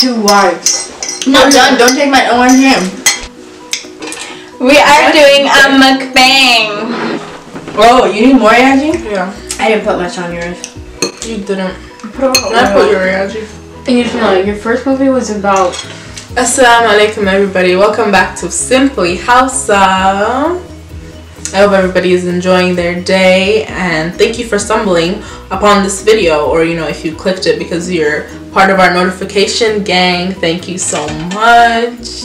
two wives. Not done. Don't take my own hand. We are doing a mukbang. Oh, you need more energy? Yeah. I didn't put much on yours. You didn't. I put your energy. And you know, your first movie was about. Assalamu alaikum, everybody. Welcome back to Simply Hausa. I hope everybody is enjoying their day and thank you for stumbling upon this video or you know if you clicked it because you're part of our notification gang. Thank you so much.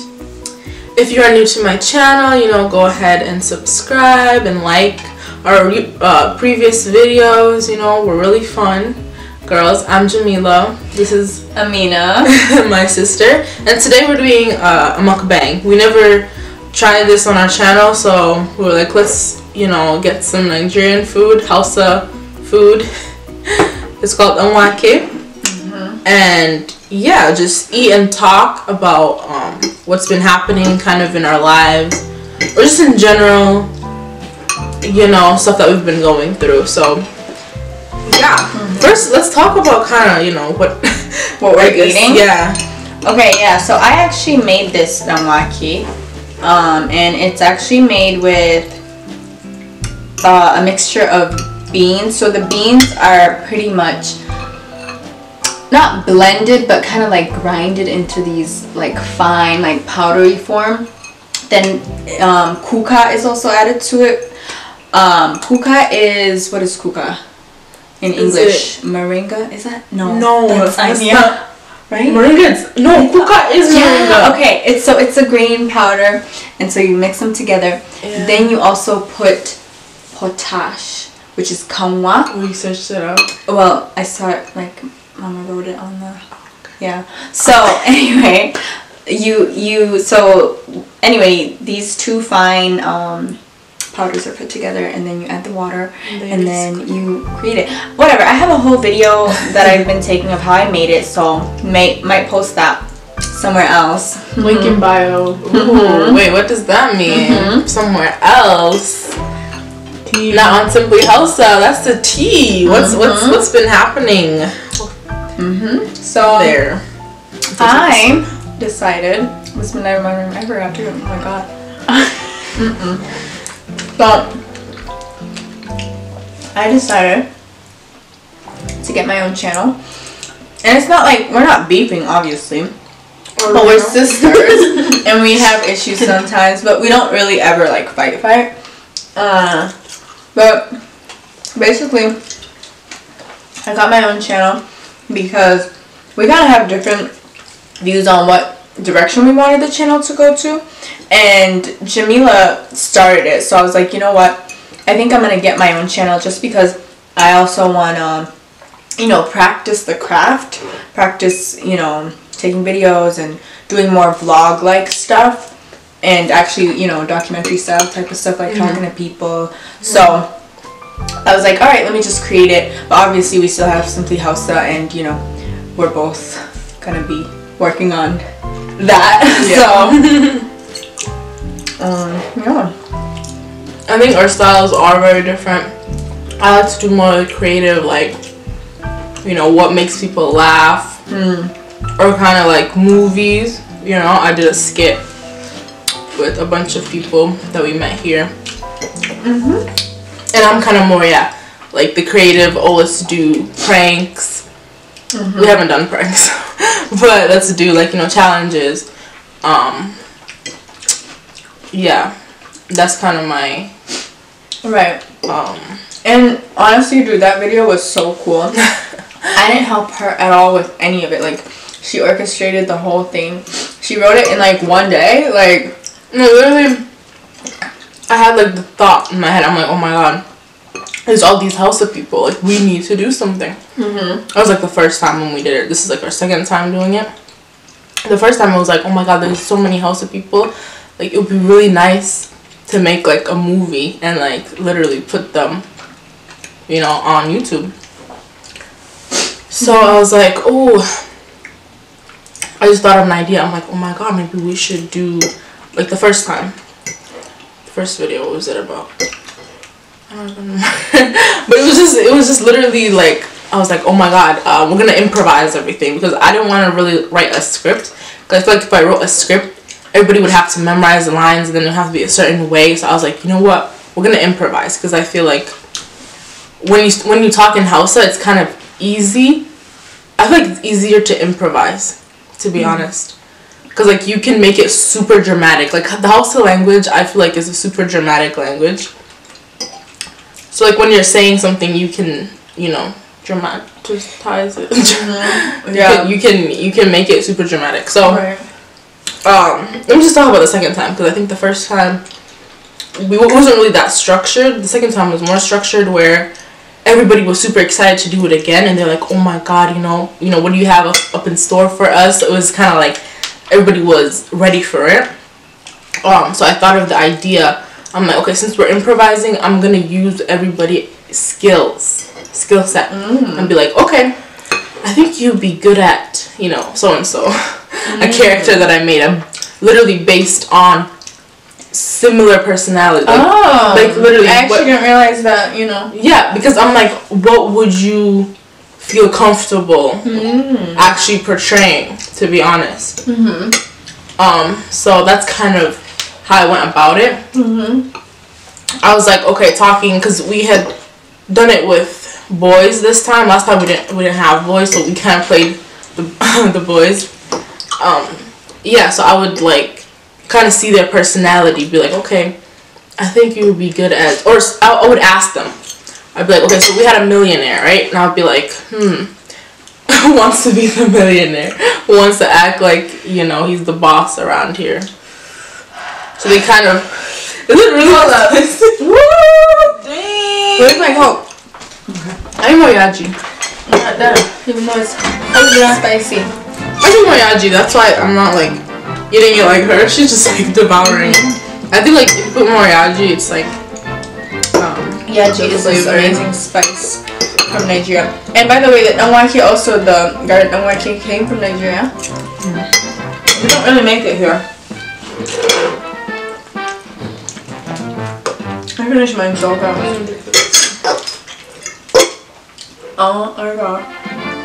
If you are new to my channel, you know, go ahead and subscribe and like our uh, previous videos. You know, were really fun. Girls, I'm Jamila. This is Amina, my sister. And today we're doing uh, a mukbang. We never tried this on our channel, so we were like, let's, you know, get some Nigerian food, Hausa food. it's called Nwake and yeah, just eat and talk about um, what's been happening kind of in our lives or just in general, you know, stuff that we've been going through. So, yeah, mm-hmm. first let's talk about kind of, you know, what, what we're guess, eating. Yeah. Okay, yeah, so I actually made this namaki, um, and it's actually made with uh, a mixture of beans. So the beans are pretty much not blended but kind of like grinded into these like fine like powdery form then um, kuka is also added to it um, kuka is what is kuka in is English it? moringa is that no no that's not right? Moringa. No, kuka is yeah. moringa. Okay, it's so it's a grain powder, and so you mix them together. Yeah. Then you also put potash, which is kamwa. We it up. Well, I saw it like Mama wrote it on the. Yeah. So anyway, you you so anyway these two fine um, powders are put together and then you add the water and, and then you create it whatever i have a whole video that i've been taking of how i made it so may might post that somewhere else link in bio Ooh, wait what does that mean mm-hmm. somewhere else tea. not on simply Helsa. that's the tea what's what's mm-hmm. what's been happening Mm-hmm. So there. I decided this been out my room. ever after. Oh my god. Mm-mm. But I decided to get my own channel. And it's not like we're not beefing, obviously. Or but we're sisters and we have issues sometimes, but we don't really ever like fight fight. Uh but basically I got my own channel because we kind of have different views on what direction we wanted the channel to go to. And Jamila started it, so I was like, you know what? I think I'm going to get my own channel just because I also want to, you know, practice the craft, practice, you know, taking videos and doing more vlog-like stuff and actually, you know, documentary style type of stuff, like mm -hmm. talking to people. Mm-hmm. So I was like, all right, let me just create it. But obviously we still have Simply Hausa and, you know, we're both going to be working on that. Yeah. so, um, yeah. I think our styles are very different. I like to do more creative, like, you know, what makes people laugh. Mm. Or kind of like movies. You know, I did a skit with a bunch of people that we met here. Mm hmm and I'm kind of more yeah, like the creative. Always oh, do pranks. Mm-hmm. We haven't done pranks, but let's do like you know challenges. Um, yeah, that's kind of my right. Um, and honestly, dude, that video was so cool. I didn't help her at all with any of it. Like, she orchestrated the whole thing. She wrote it in like one day. Like, no, literally. I had like the thought in my head. I'm like, oh my god, there's all these house of people. Like we need to do something. Mm-hmm. was like the first time when we did it. This is like our second time doing it. The first time I was like, oh my god, there's so many house of people. Like it would be really nice to make like a movie and like literally put them, you know, on YouTube. So I was like, oh, I just thought of an idea. I'm like, oh my god, maybe we should do like the first time first video, what was it about? but it was just, it was just literally like, I was like, oh my god, uh, we're gonna improvise everything because I didn't want to really write a script. Because I feel like if I wrote a script, everybody would have to memorize the lines and then it would have to be a certain way. So I was like, you know what, we're gonna improvise because I feel like when you when you talk in Hausa, it's kind of easy. I feel like it's easier to improvise, to be mm -hmm. honest because like you can make it super dramatic like the hausa language i feel like is a super dramatic language so like when you're saying something you can you know dramatize it mm-hmm. yeah you can, you can you can make it super dramatic so right. um let me just talk about the second time because i think the first time we wasn't really that structured the second time was more structured where everybody was super excited to do it again and they're like oh my god you know you know what do you have up, up in store for us it was kind of like everybody was ready for it. Um, so I thought of the idea. I'm like, okay, since we're improvising, I'm gonna use everybody's skills, skill set, mm. and be like, okay, I think you'd be good at, you know, so and so, a mm. character that I made. I'm literally based on similar personality. Like, oh, like literally. I actually what, didn't realize that. You know. Yeah, because I'm like, what would you? feel comfortable mm. actually portraying, to be honest. Mm-hmm. Um, so that's kind of how I went about it. Mm-hmm. I was like, okay, talking because we had done it with boys this time. Last time we didn't we didn't have boys, so we kind of played the the boys. Um, yeah, so I would like kind of see their personality, be like, okay, I think you would be good at, or I would ask them I'd be like, okay, so we had a millionaire, right? And I'd be like, hmm, wants to be the millionaire, wants to act like, you know, he's the boss around here. So they kind of. Is it really? Hold up. Woo! Dang! Where's my coke? Ay, moyaji. Not that. Even though it's a spicy. I think that's why I'm not like eating it like her. She's just like devouring it. I think like if you put it's like Yaji is amazing spice from Nigeria. And by the way, the Nwaki also, the garlic Nwaki came from Nigeria. Mm. We don't really make it here. I finished my soda. fast. Oh my god.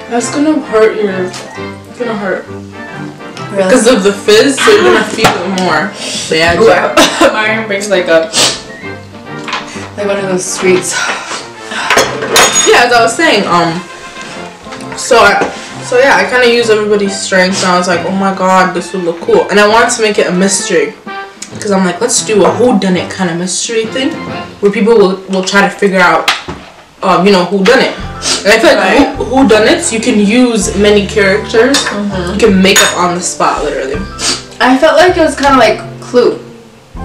That's gonna hurt your... It's gonna hurt. Because really? of the fizz, so you're gonna feel it more. Yeah. Marion brings like a like one of those sweets. yeah, as I was saying, um, so I, so yeah, I kind of used everybody's strengths, and I was like, oh my god, this would look cool. And I wanted to make it a mystery, because I'm like, let's do a who done it kind of mystery thing, where people will will try to figure out, um, you know, who done it. And I feel like right. who, who done it, you can use many characters, mm -hmm. you mm-hmm. can make up on the spot, literally. I felt like it was kind of like Clue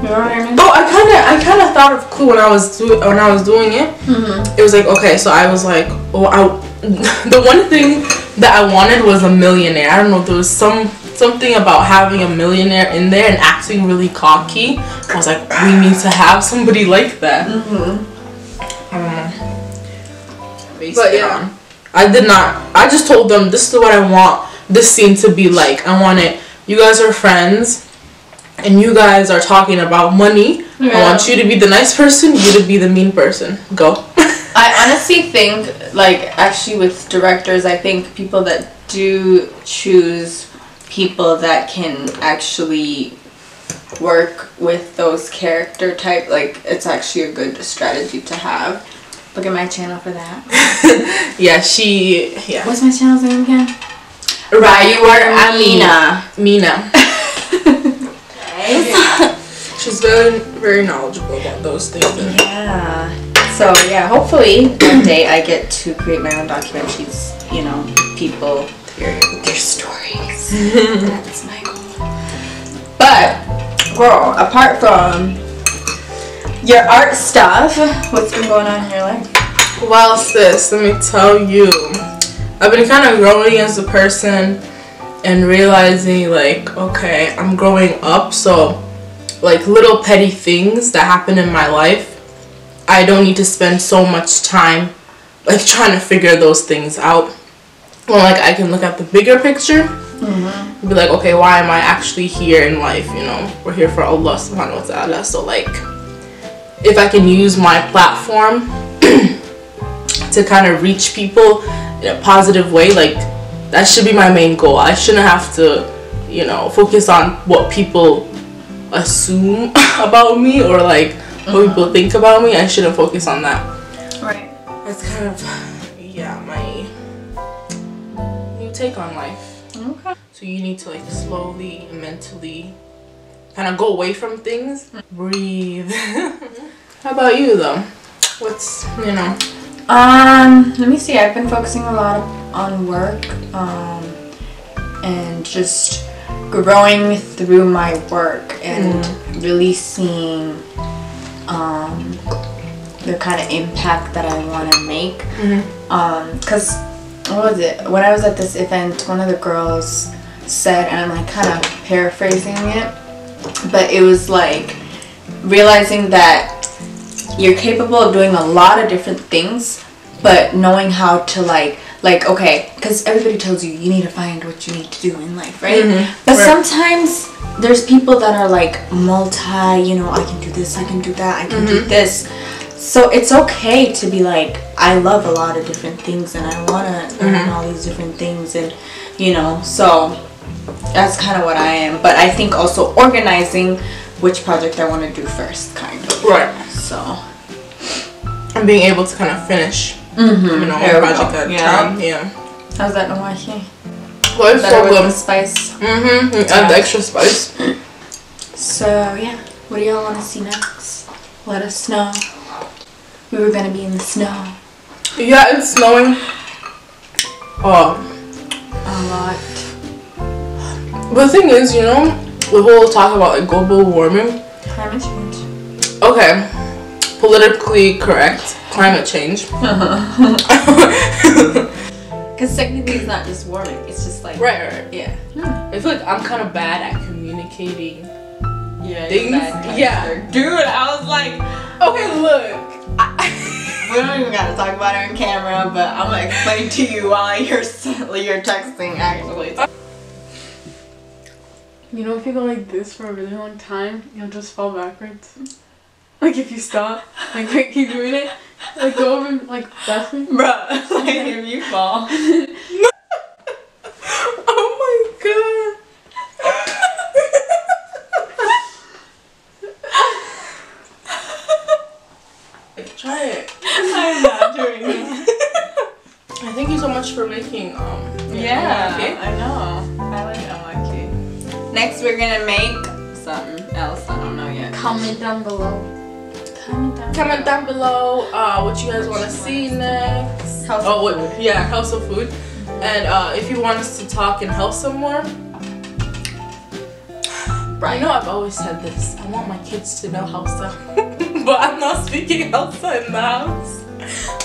know what I mean? Oh, I kind of, I kind of thought of Clue when I was do- when I was doing it. Mm-hmm. It was like okay, so I was like, oh, I, the one thing that I wanted was a millionaire. I don't know, there was some something about having a millionaire in there and acting really cocky. I was like, we need to have somebody like that. Mm-hmm. Um, but yeah, on. I did not. I just told them this is what I want. This scene to be like. I want it. You guys are friends and you guys are talking about money, yeah. I want you to be the nice person, you to be the mean person. Go. I honestly think, like, actually, with directors, I think people that do choose people that can actually work with those character type, like, it's actually a good strategy to have. Look at my channel for that. yeah, she. Yeah. What's my channel's name again? Rayu or Amina. Mina. She's very, very knowledgeable about those things. Yeah. So yeah, hopefully one day I get to create my own documentaries. You know, people, their, their stories. That's my goal. But girl, apart from your art stuff, what's been going on in your life? Well, sis, let me tell you. I've been kind of growing as a person and realizing like okay i'm growing up so like little petty things that happen in my life i don't need to spend so much time like trying to figure those things out well like i can look at the bigger picture mm-hmm. be like okay why am i actually here in life you know we're here for allah subhanahu wa ta'ala so like if i can use my platform to kind of reach people in a positive way like that should be my main goal. I shouldn't have to, you know, focus on what people assume about me or like what uh-huh. people think about me. I shouldn't focus on that. Right. That's kind of yeah, my new take on life. Okay. So you need to like slowly mentally kind of go away from things. Hmm. Breathe. How about you though? What's you know um, let me see. I've been focusing a lot on work um, and just growing through my work and mm. really seeing um, the kind of impact that I want to make. Mm-hmm. Um, Cause what was it? When I was at this event, one of the girls said, and I'm like kind of paraphrasing it, but it was like realizing that you're capable of doing a lot of different things but knowing how to like like okay because everybody tells you you need to find what you need to do in life right mm-hmm. but right. sometimes there's people that are like multi you know i can do this i can do that i can mm-hmm. do this so it's okay to be like i love a lot of different things and i want to mm-hmm. learn all these different things and you know so that's kind of what i am but i think also organizing which project i want to do first kind of right so, and being able to kind of finish, mm-hmm. you know, there a project yeah. Time. Yeah. How's that Noachi? Well, it's Better so good. the spice. Mm-hmm. Yeah. And the extra spice. so yeah, what do y'all want to see next? Let us know. We were gonna be in the snow. Yeah, it's snowing. Oh. A lot. But the thing is, you know, the whole talk about like global warming. Climate change. Okay politically correct climate change. Because technically it's not just warming, it's just like. Right, right. Yeah. yeah. I feel like I'm kind of bad at communicating yeah, things. Yeah. Dude, I was like, okay, look. I, we don't even gotta talk about it on camera, but I'm gonna explain to you while you're, you're texting actually. You know, if you go like this for a really long time, you'll just fall backwards. Like if you stop like, keep doing it, like go over and like bathroom. Bruh, like okay. if you fall. oh my god. Try it. I'm not doing it. I Thank you so much for making um. Yeah, I know. I like I like unlucky. Next, we're gonna make something else. I don't know yet. Comment down below. Comment down, comment down below uh, what you guys want to see next. House oh, wait, food. yeah, house of food. And uh, if you want us to talk and help some more. I know I've always said this. I want my kids to know Hausa. but I'm not speaking Hausa in the house.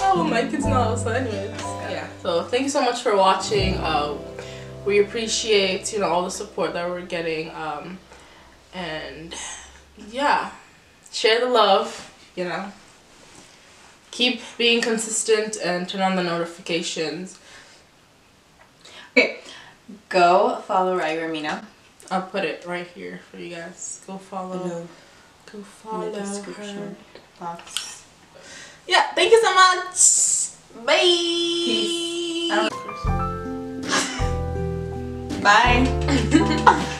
Oh, my kids know Hausa anyways. Yeah. So thank you so much for watching. Uh, we appreciate, you know, all the support that we're getting. Um, and yeah share the love you know keep being consistent and turn on the notifications okay go follow Rai Ramina I'll put it right here for you guys go follow Hello. go follow box yeah thank you so much bye Peace. bye